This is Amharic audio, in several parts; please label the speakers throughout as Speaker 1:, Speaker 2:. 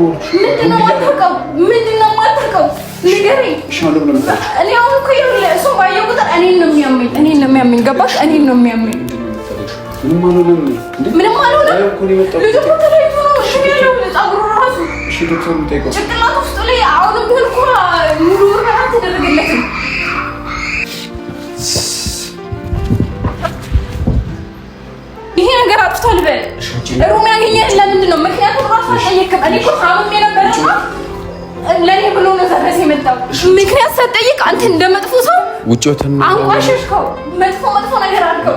Speaker 1: ምንድነው የማታውቀው? ምንድነው የማታውቀው? ንገረኝ። እኔ ነው የሚያመኝ፣ እኔን ነው ገባሽ? እኔን ነው የሚያመኝ። ላይ አሁንም ቢሆን እኮ ሙሉ ተደረገለትም ነገር አጥፍቷል በል ሩም ያገኘህ ለምንድን ነው? ምክንያቱም ራሱ አልጠየቅም። እኔ እኮ ታምሜ ነበር ለኔ ብሎ ነው ተፈስ የመጣው። ምክንያት ሳትጠይቅ አንተ እንደ መጥፎ ሰው አንቋሸሽከው። መጥፎ መጥፎ ነገር አድርገው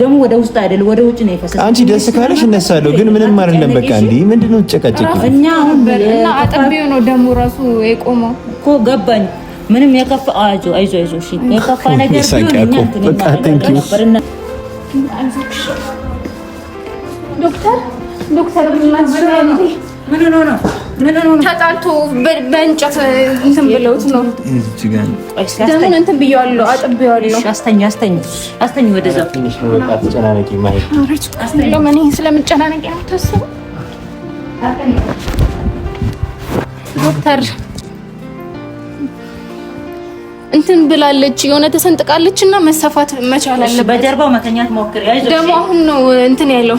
Speaker 2: ደግሞ ወደ ውስጥ አይደለም ወደ ውጭ ነው የፈሰሰው።
Speaker 3: አንቺ ደስ ካለሽ እነሳለሁ፣ ግን ምንም አይደለም። በቃ እንዴ ምንድን ነው
Speaker 1: እኛ አሁን እና አጠቢው ነው ደሙ ራሱ የቆመው
Speaker 2: እኮ ገባኝ። ምንም የከፋ አይዞ አይዞ አይዞ፣ እሺ
Speaker 3: የከፋ ነገር ቢሆን በቃ ዩ
Speaker 1: ዶክተር ዶክተር
Speaker 3: ምን ሆኖ ነው? ምን ሆኖ ነው?
Speaker 1: ተጣልቶ በእንጨት እንትን ብለውት ነው። ደሙን እንትን ብየዋለሁ፣ አጥቤዋለሁ።
Speaker 2: አስተኝ አስተኝ አስተኝ ወደዛ
Speaker 1: ስለምጨናነቂ ነው ታስቡ። ዶክተር እንትን ብላለች የሆነ ተሰንጥቃለች እና መሰፋት መቻል
Speaker 2: አለበት። በጀርባው መተኛት ሞክር።
Speaker 1: ደግሞ አሁን ነው እንትን ያለው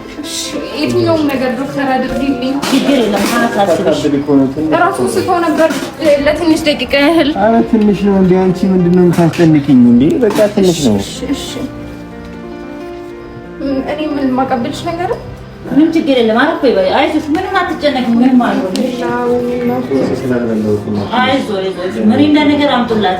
Speaker 1: የትኛውም ነገር ዶክተር አድርግልኝ፣ ስቶ ነበር ለትንሽ ደቂቃ ያህል።
Speaker 3: ትንሽ ነው እንደ አንቺ ምንድን ነው የምታስጨንቅኝ? በቃ ትንሽ ነው።
Speaker 1: እኔ ምን ነገር
Speaker 2: ምን ችግር የለም። አይዞሽ፣ ምንም አትጨነቂ። ምንም አይዞሽ። ምሪንዳ ነገር አምጡላት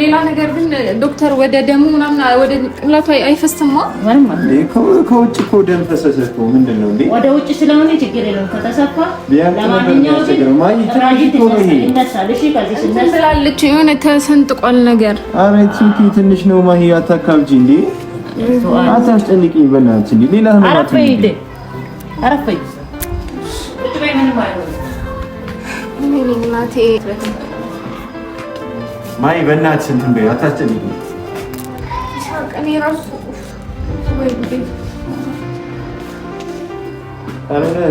Speaker 1: ሌላ ነገር ግን ዶክተር ወደ ደሙ ምናምን ወደ ቅላቱ አይፈስትም።
Speaker 3: ከውጭ እኮ ደም ፈሰሰ እኮ ምንድን ነው እንዴ?
Speaker 2: ወደ ውጭ ስለሆነ ችግር የለውም ከተሰፋ።
Speaker 3: ለማንኛውም
Speaker 1: ስላለች የሆነ ተሰንጥቋል ነገር።
Speaker 3: አቤት ስልክ ትንሽ ነው ማሂ፣ አታካብጂ እንዴ፣ አታስጨንቅኝ በእናትሽ እንዴ። ሌላ
Speaker 2: አረፈይ አረፈ
Speaker 3: ማይ በእናትሽ እንትን በይ፣ አታስጨንቂ።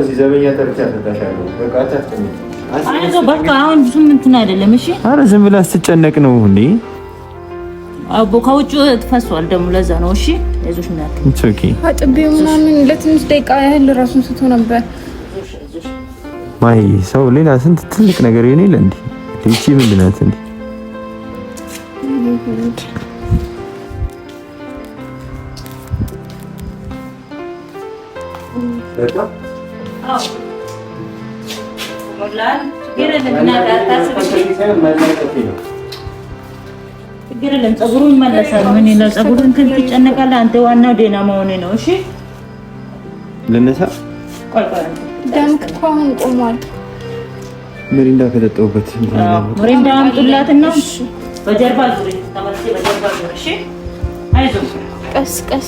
Speaker 1: እዚህ ዘበኛ ተርቻ ተታሻለሁ። በቃ አታስጨንቂ። በቃ አይደለም። እሺ፣ ኧረ ዝም ብላ ስትጨነቅ ነው እንዴ? ከውጭ ትፈሷል ደግሞ ለዛ ነው። እሺ፣ አይዞሽ አጥቤው ምናምን ለትንሽ ደቂቃ ያህል ራሱን ስቶ ነበር። ማይ ሰው ሌላ ስንት ትልቅ ነገር ይሆን የለ እንዴ? ምንድን ናት እንዴ? ችግር የለም። ፀጉሩ ይመለሳል። ምን ይላል? ፀጉሩን እንትን ትጨነቃለህ አንተ። ዋናው ዴና መሆኔ ነው። እሺ ልነሳ። ምሪንዳ ምሪንዳ በጀርባ ዙሪ፣ ተመልሼ በጀርባ ዙሪ። እሺ ቀስ ቀስ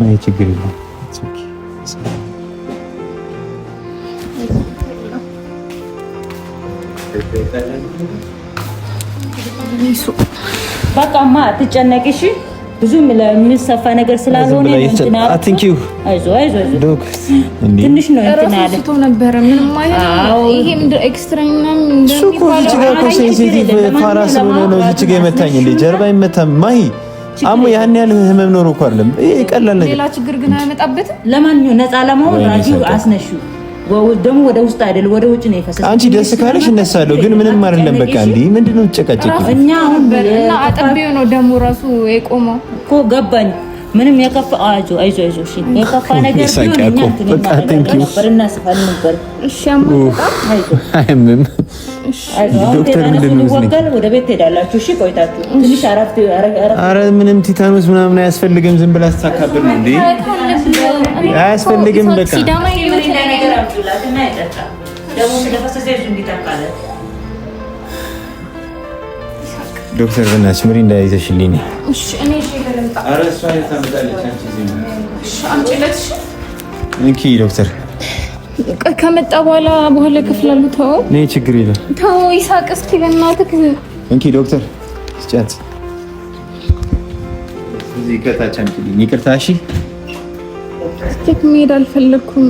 Speaker 1: మా చిగ్గిరిలో በቃ ማ አትጨነቂ እሺ። ብዙ የሚሰፋ ነገር ስላልሆነ ቲንክ ዩ አይዞ አይዞ ትንሽ ነው እንትን አለ ነበረ ምንም አይደለም። ፓራ ስለሆነ ነው እዚህ ጋ የመታኝ እንዴ ጀርባ ይመታም ማይ አሙ ያን ያህል ህመም ኖሮ እኮ አይደለም። ይሄ ቀላል ነገር፣ ሌላ ችግር ግን አያመጣበትም። ለማንኛውም ነፃ ለማሆን ራዲዮ አስነሺው። ደግሞ ወደ ውስጥ አይደል ወደ ውጭ ነው የፈሰሰው። አንቺ ደስ ካለሽ እነሳለሁ፣ ግን ምንም አይደለም። በቃ እንዴ ምንድነው ጨቃጨቂ? እኛ አሁን በእና አጥቤው ነው ደግሞ ራሱ የቆመው እኮ ገባኝ ምንም የከፋ አጆ አይዞ አይዞ እሺ፣ የከፋ ነገር ቢሆን በቃ ቴንክ ዩ ፈርና ስፋን ነበር። እሺ ዶክተር ምንድን ነው ወደ ቤት ትሄዳላችሁ። እሺ ቆይታችሁ ትንሽ አረ ምንም ቲታኖስ ምናምን አያስፈልግም። ዝም ብላ ነው እንዴ አያስፈልግም። በቃ ሲዳማ ነገር አብዱላ ዶክተር ብናች ምሪ እንዳይዘሽልኝ ዶክተር ከመጣ በኋላ በኋላ ከፍላሉ። ተው ነይ፣ ችግር የለም ተው። ይሳቅ እስኪ በእናትህ እንኪ ዶክተር ስጫት እዚህ ከታች አንቺልኝ። ይቅርታ እሺ። ስቴክ መሄድ አልፈለኩም።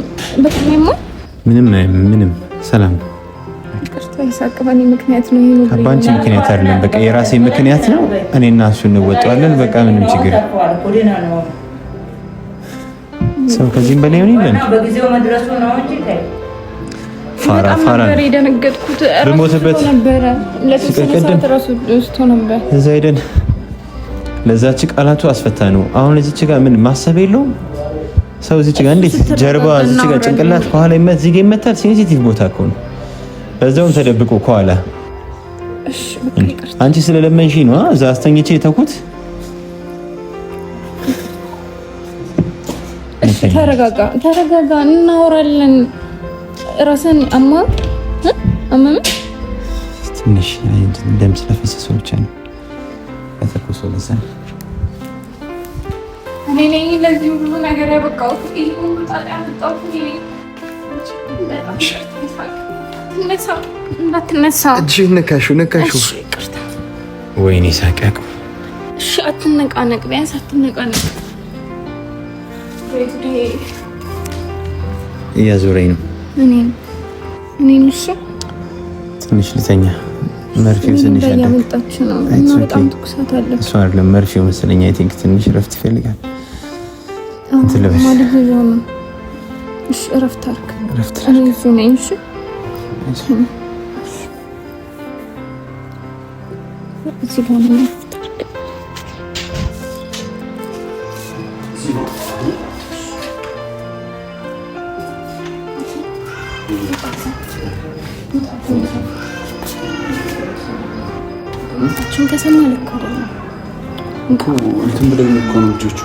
Speaker 1: በጣም ምንም ምንም ሰላም በይሳቅ ምክንያት ነው። ይሄ በአንቺ ምክንያት አይደለም፣ በቃ የራሴ ምክንያት ነው። እኔ እና እሱ እንወጣዋለን። በቃ ምንም ችግር ሰው ከዚህም በላይ ሆን የለን ፋራ ፋራ የደነገጥኩት ብሞትበት ነበር። እዛ ሄደን ለዛች ቃላቱ አስፈታ ነው። አሁን እዚች ጋር ምን ማሰብ የለውም ሰው እዚች ጋር እንዴት ጀርባ እዚች ጋር ጭንቅላት ከኋላ ይመት ጋር ይመታል። ሴንሲቲቭ ቦታ ከሆነ በዛውም ተደብቆ ከኋላ አንቺ ስለለመንሽ ነው እዛ አስተኝቼ የተኩት። ተረጋጋ፣ ተረጋጋ፣ እናወራለን። ራስን አማ አማም ትንሽ ደም ስለፈሰሰው ነው ከተኮሰው ለዛ እኔ ነኝ ለዚህ ሁሉ ነገር ያበቃሁት። ጣጣ ያመጣሁት እኔ ነኝ። ወይኔ ሳቅያቅ እሺ፣ አትነቃነቅ፣ ቢያንስ አትነቃነቅ። እያዞረኝ ነው። እኔን እኔን ትንሽ ልተኛ። መርፌው ትንሽ አይደለም መርፌው መሰለኝ። አይ ቲንክ ትንሽ እረፍት ይፈልጋል። እንትን እሺ፣ እረፍት አድርግ። እረፍት እኔ እዚሁ ነኝ። እሺ 지금 지금 총계 선물 넣거든. 그 울트브레이크 넣는 주주.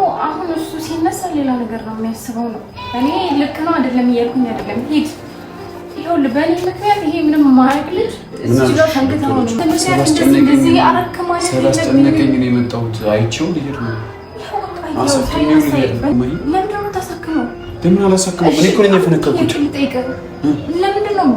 Speaker 1: እሱ ሲነሳ ሌላ ነገር ነው የሚያስበው ነው። እኔ ልክ ነው አይደለም እያልኩኝ አይደለም። ሂድ ይኸውልህ፣ በእኔ ምክንያት ይሄ ምንም ማያውቅ ልጅ እዚህ ጋር ተንግታ የመጣሁት። አይቼው ልሄድ ነው። ለምንድን ነው ታሳክመው? ለምን አላሳክመው? እኔ እኮ ነኝ የፈነከኩት። ለምንድን ነው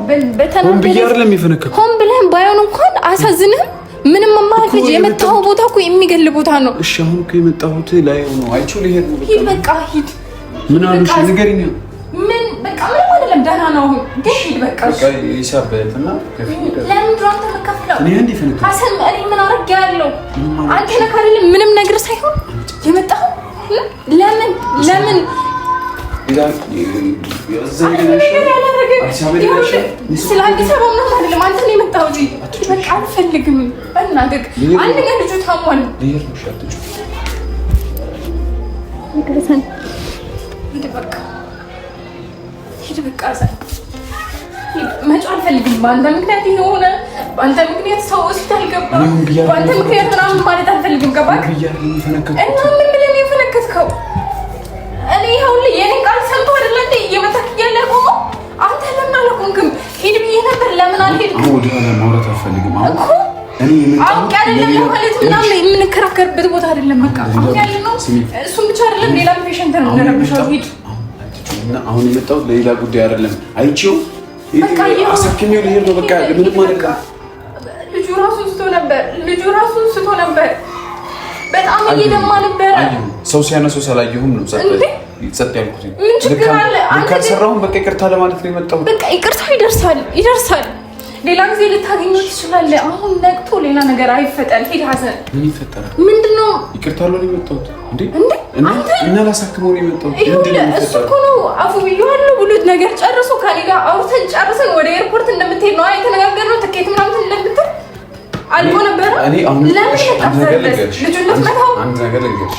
Speaker 1: በተናደለ ሆን ብለህም ባይሆን እንኳን አሳዝንህም ምንም ማረግ ልጅ የመጣው ቦታ እኮ የሚገል ቦታ ነው። እሺ አሁን እኮ የመጣሁት ላይ ነው። አይቼው ልሄድ ነው። ሂድ በቃ ሂድ። ምን አሉሽ? ንገሪኝ። ምን በቃ ምንም አይደለም፣ ደህና ነው። አሁን ግን ሂድ በቃ። እሺ ይሳበትና ለምን ድሮ አንተ መከፍለው እኔ እንዴ ፈንክ ሀሰን እኔ ምን አረግ ያለው አንተ ነካሪልም ምንም ነገር ሳይሆን የመጣው ለምን ለምን ስለ አዲስ አበባ ምናምን አይደለም። የመጣው እንጂ መጫ አልፈልግም። በአንተ ምክንያት የሆነ በአንተ ምክንያት ሰው ሆስፒታል ገባ፣ በአንተ ምክንያት ምናምን ማለት አልፈልግም። ገባህ እና እኔ ይኸውልህ የኔ ቃል ሰምቶ አይደለ እንዴ እየመታክ እያለ ቆሞ አንተ ለምን አልቆምክም? ሂድ ብዬ ነበር። ለምን አልሄድክም? አሁን ማውራት አልፈልግም። አሁን የምንከራከርበት ቦታ አይደለም። በቃ አሁን ያለ ነው። ብቻ አይደለም ሌላ ፔሸንት ነው አሁን የመጣሁት ለሌላ ጉዳይ አይደለም። አይቼው አሳክሜው ልሄድ ነው። በቃ ምንም አደጋ ልጁ ራሱ ስቶ ነበር። ልጁ ራሱ ስቶ ነበር። በጣም እየደማ ነበር። ሰው ሲያነሱ ሰላየሁም ነው ጸጥ ያልኩት ካልሰራሁን በቃ ይቅርታ ለማለት ነው የመጣሁት። በቃ ይቅርታ ይደርሳል፣ ይደርሳል። ሌላ ጊዜ ልታገኘው ትችላለህ። አሁን ነቅቶ ሌላ ነገር አይፈጠር። ሂድ ሀዘን። ምን ይፈጠራል? ምንድን ነው? ይቅርታ የመጣሁት። እንዴ እና ላሳክመው ነው የመጣሁት። እሱ እኮ ነው አፉ ብሎት ነገር ጨርሶ ከኔ ጋር አውርተን ጨርሰን ወደ ኤርፖርት እንደምትሄድ ነው የተነጋገርነው። ትኬት ምናምን እንደምትል ነበረ። ለምን ልጁነት መታው አንድ ነገር ልንገርሽ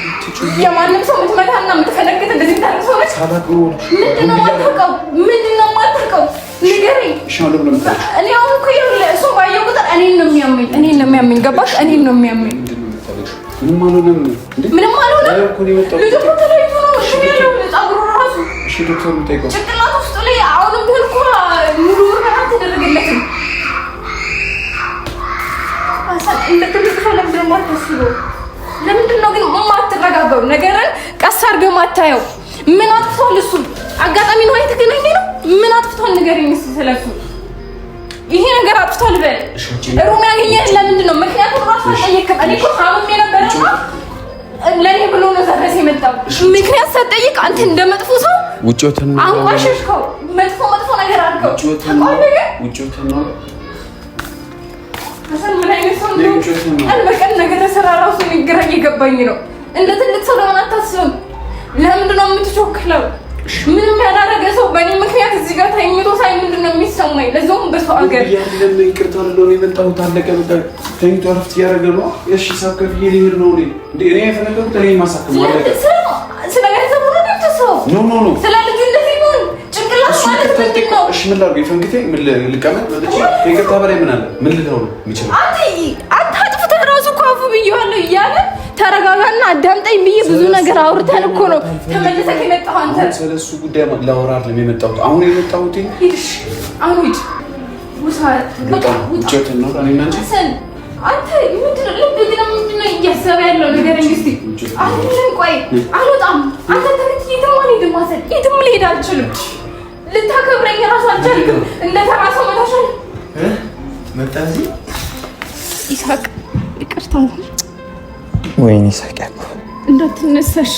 Speaker 1: የማንም ሰው የምትመታና የምትፈነግጥ እንደዚህ ታደርግ ሰው ነች። ምንድን ነው የማታውቀው? ምንድን ነው የማታውቀው? ንገረኝ። እኔ አሁን እኮ እሱን ባየው ቁጥር እኔን ነው የሚያመኝ። እኔን ነው የሚያመኝ። ገባሽ? እኔን ነው የሚያመኝ። ምንም አልሆነም። ምንም አልሆነም። ልጁ እኮ ተለይቶ ነው ጭንቅላት ውስጡ ላይ አሁንም ቢሆን እኮ ሙሉ ለምንድን ነው ግን የማትረጋጋው? ነገርን ቀስ አድርገህ ማታየው? ምን አጥፍቷል? እሱ አጋጣሚ ነው የተገናኘ ነው። ምን አጥፍቷል? ንገረኝ እስኪ ስለሱ። ይሄ ነገር አጥፍቷል በል። ሩም ያገኘህ ለምንድን ነው? ምክንያቱም ራሱ አልጠየቅም። እኔ እኮ አሁን የነበረና ለኔ ብሎ ነው ዘረስ የመጣው። ምክንያት ሳትጠይቅ አንተ እንደ መጥፎ ሰው ውጮትን አንቋሸሽከው። መጥፎ መጥፎ ነገር አድርገው ውጮትን ነው በቀን ነገር ስራ ራሱ ግራ እየገባኝ ነው። እንደ ትልቅ ሰው ለምን አታስብም? ለምንድን ነው የምትቾክለው? ምንም ያላረገ ሰው በእኔ ምክንያት እዚህ ጋር ተኝቶ ሳይ ምንድን ነው የሚሰማኝ? ለዚያውም በሰው አገር ያለን ይቅርታ ልሎ የመጣሁት አለቀ። ተኝቶ ረፍት እያደረገ ነው። እሺ ሳብ ከፍዬ ነው። እኔ እኔ የፈለገኩት እኔ ማሳከም አለቀ። ስለ ገንዘብ ሁሉ ገብቶ ሰው ተረጋጋና አዳምጠኝ ብዬ ነው ተመልሰህ የመጣሁ። አንተ ነው? እያሰበ ያለው ነገር? እንግዲህ አሁን ቆይ አልወጣም። አንተ ተረት የትም አልሄድም። አልሄድም ልሄድ አልችልም ልታከብረኝ እራሱ አልቻልክም። እንደተራ ሰው መታሻል መጣ እዚህ ይሳቅ ይቅርታ። ወይኔ ይሳቅ ያልኩ እንዳትነሳሽ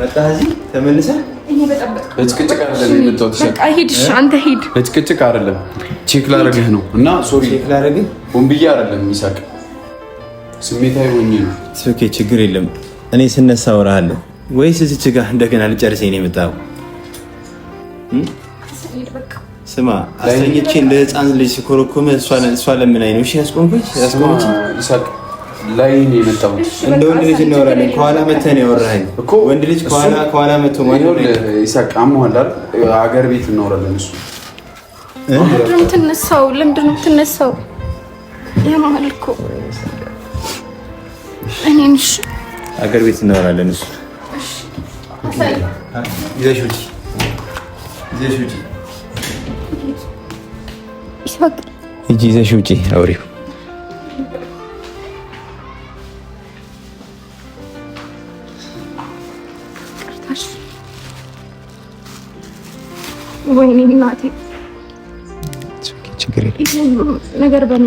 Speaker 1: መጣ እዚህ ተመልሰህ በጭቅጭቅ አይደለም ቼክ ላረግህ ነው እና ሶሪ ሆን ብዬ አይደለም ይሳቅ፣ ስሜታዊ ሆኜ ነው። ችግር የለም እኔ ስነሳ አወራሃለሁ። ወይስ እዚች ጋ እንደገና ልጨርሰኝ ነው የመጣው? ስማ አስተኝቼ እንደ ህፃን ልጅ ሲኮረኮመ እሷ ለምን አይ ነው እሺ፣ ያስቆምኩኝ ያስቆምኩኝ ላይ ነው የመጣሁት። እንደ ወንድ ልጅ እናወራለን። ከኋላ መተህ ነው ያወራኸኝ እኮ ወንድ ልጅ ከኋላ ከኋላ መተህ ማለት ነው። ይሳቅ አሞሃል አይደል? አገር ቤት እናወራለን። እሱ ለምንድን ነው የምትነሳው? ትነሳው ነው የምትነሳው? ያማል እኮ እኔን። አገር ቤት እናወራለን። እሱ ይዘሽ ውጪ ይዘሽ ውጪ፣ ይሳቅ ሂጂ፣ ይዘሽ ውጪ አውሪው። ወይኔ እናቴ፣ ችግር የለም ነገር በእኔ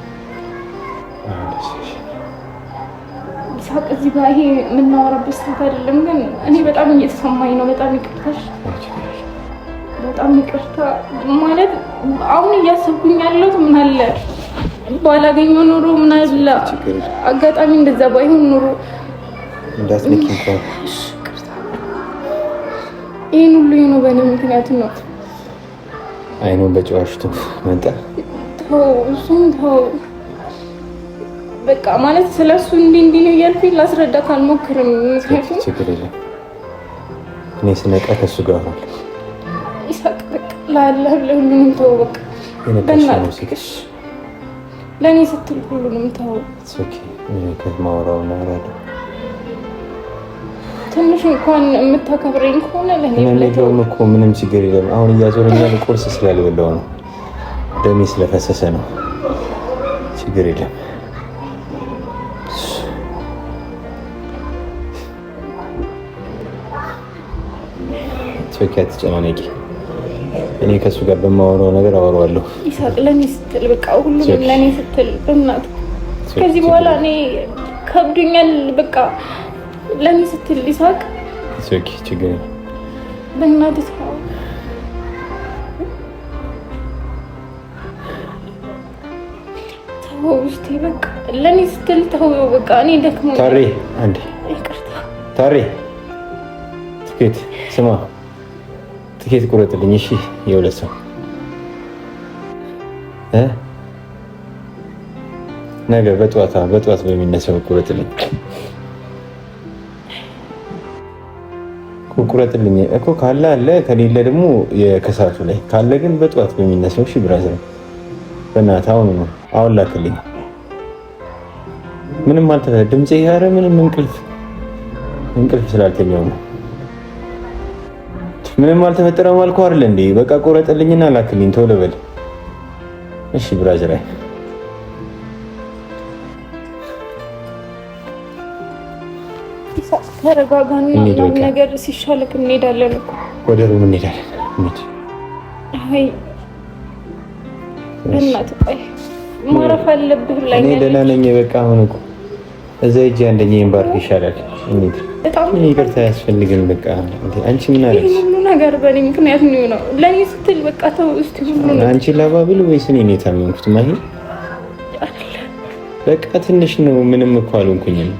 Speaker 1: ይስሐቅ እዚህ ጋር ይሄ የምናወራበት ሰዓት አይደለም፣ ግን እኔ በጣም እየተሰማኝ ነው። በጣም ይቅርታሽ፣ በጣም ይቅርታ ማለት አሁን እያሰብኩኝ ያለሁት ምን አለ ባላገኘው ኑሮ ምን አለ አጋጣሚ እንደዛ ባይሆን ኑሮ ይህን ሁሉ ይኑ በእኔ ምክንያት ነው። አይኑን በጨዋሽቱ መንጠ እሱም ተው በቃ ማለት ስለሱ እንዲህ እንዲህ ነው እያልኩኝ ላስረዳ አልሞክርም። ምክንያቱም ችግር የለም እኔ ስነቃ ከሱ ጋር አለ ይሳቅ በቃ ላለህ ለሁሉንም ተወው። በቃ በእናትሽ ለእኔ ስትል ሁሉንም ተወው። ከማወራው ናራለሁ ትንሽ እንኳን የምታከብረኝ ከሆነ ለእኔም እኮ ምንም ችግር የለም። አሁን እያዞረኛል ቁርስ ስላልበላው ነው፣ ደሜ ስለፈሰሰ ነው። ችግር የለም ሰኪ አትጨናነቂ። እኔ ከእሱ ጋር በማወራው ነገር አወራዋለሁ። ይሳቅ ለእኔ ስትል በቃ ሁሉንም ለእኔ ስትል በእናት ከዚህ በኋላ እኔ ከብዱኛል። በቃ ለእኔ ስትል ይሳቅ ሰኪ ችግር በእናት ውስጤ በቃ ለእኔ ስትል ተው በቃ እኔ ደክሞ ታሪ አንዴ ይቅርታ ታሪ ትኬት ስማ ትኬት ቁረጥልኝ። እሺ የሁለት ሰው ነገ በጠዋት በጠዋት በሚነሳው ቁረጥልኝ፣ ቁረጥልኝ እኮ ካለ አለ፣ ከሌለ ደግሞ የከሳቱ ላይ ካለ ግን በጠዋት በሚነሳው። እሺ ብራዘር፣ በእናትህ አሁን ነው አሁን ላክልኝ። ምንም አልተ ድምፅ ያረ ምንም እንቅልፍ እንቅልፍ ስላልተኛው ነው ምንም አልተፈጠረም አልኩህ አይደል እንዴ? በቃ ቆረጠልኝና ላክልኝ ቶሎ በል እሺ። ብራዘር ተረጋጋና ነገር ሲሻልክ እንሄዳለን እኮ ወደ ሩም እንሄዳለን። አይ በእናትህ ቆይ ማረፍ አለብህ። ላይ እኔ ደህና ነኝ። በቃ አሁን እኮ እዛ ሂጅ አንደኛ ኤምባርክ ይሻላል። እንሂድ ምን ይቅርታ ያስፈልግም። በቃ አንቺ ምን አለች? ሁሉ ነገር በእኔ ምክንያት ነው ነው ለእኔ ስትል በቃ ተው እስኪ ሁሉ ነው አንቺ ላባብል ወይስ እኔ ነው የታመምኩት? ማሂ በቃ ትንሽ ነው ምንም እኮ አልሆንኩኝም።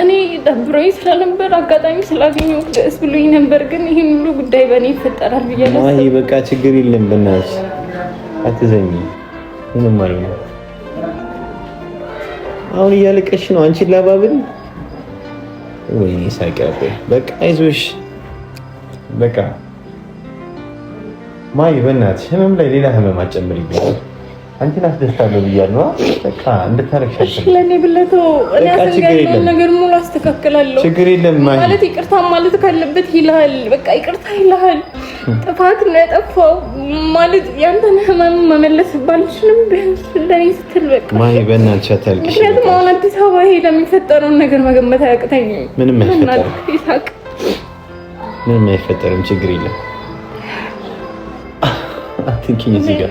Speaker 1: እኔ ደብሮኝ ስለነበር አጋጣሚ ስላገኘሁ ደስ ብሎኝ ነበር፣ ግን ይህን ሁሉ ጉዳይ በእኔ ይፈጠራል ብያለሁ። ማሂ በቃ ችግር የለም በእናትሽ አትዘኝ፣ ምንም አልሆነ። አሁን እያለቀሽ ነው አንቺ ላባብል ወይኔ ሳቂ በቃ አይዞሽ በቃ ማይ በእናትሽ ህመም ላይ ሌላ ህመም አጨምሪብኝ አንቺን አስደስታለሁ ብያለሁ። በቃ እንድታረክሽ ለኔ ብለቶ እኔ አሰንጋኝ ነገር ሙሉ አስተካክላለሁ። ችግር የለም ማለት ይቅርታ ማለት ካለበት ይልሃል። በቃ ይቅርታ ይልሃል። ጥፋት ነው የጠፋው ማለት ያንተን ህመም መመለስ ባልችልም ቢያንስ ለኔ ስትል በቃ ማይ በእናትሽ አታልቅሽ። ምክንያቱም አሁን አዲስ አበባ ሄዳ የሚፈጠረውን ነገር መገመት አያቅተኝ። ምንም አይፈጠርም፣ ይሳቅ፣ ምንም አይፈጠርም። ችግር የለም አትንኪኝ እዚህ ጋር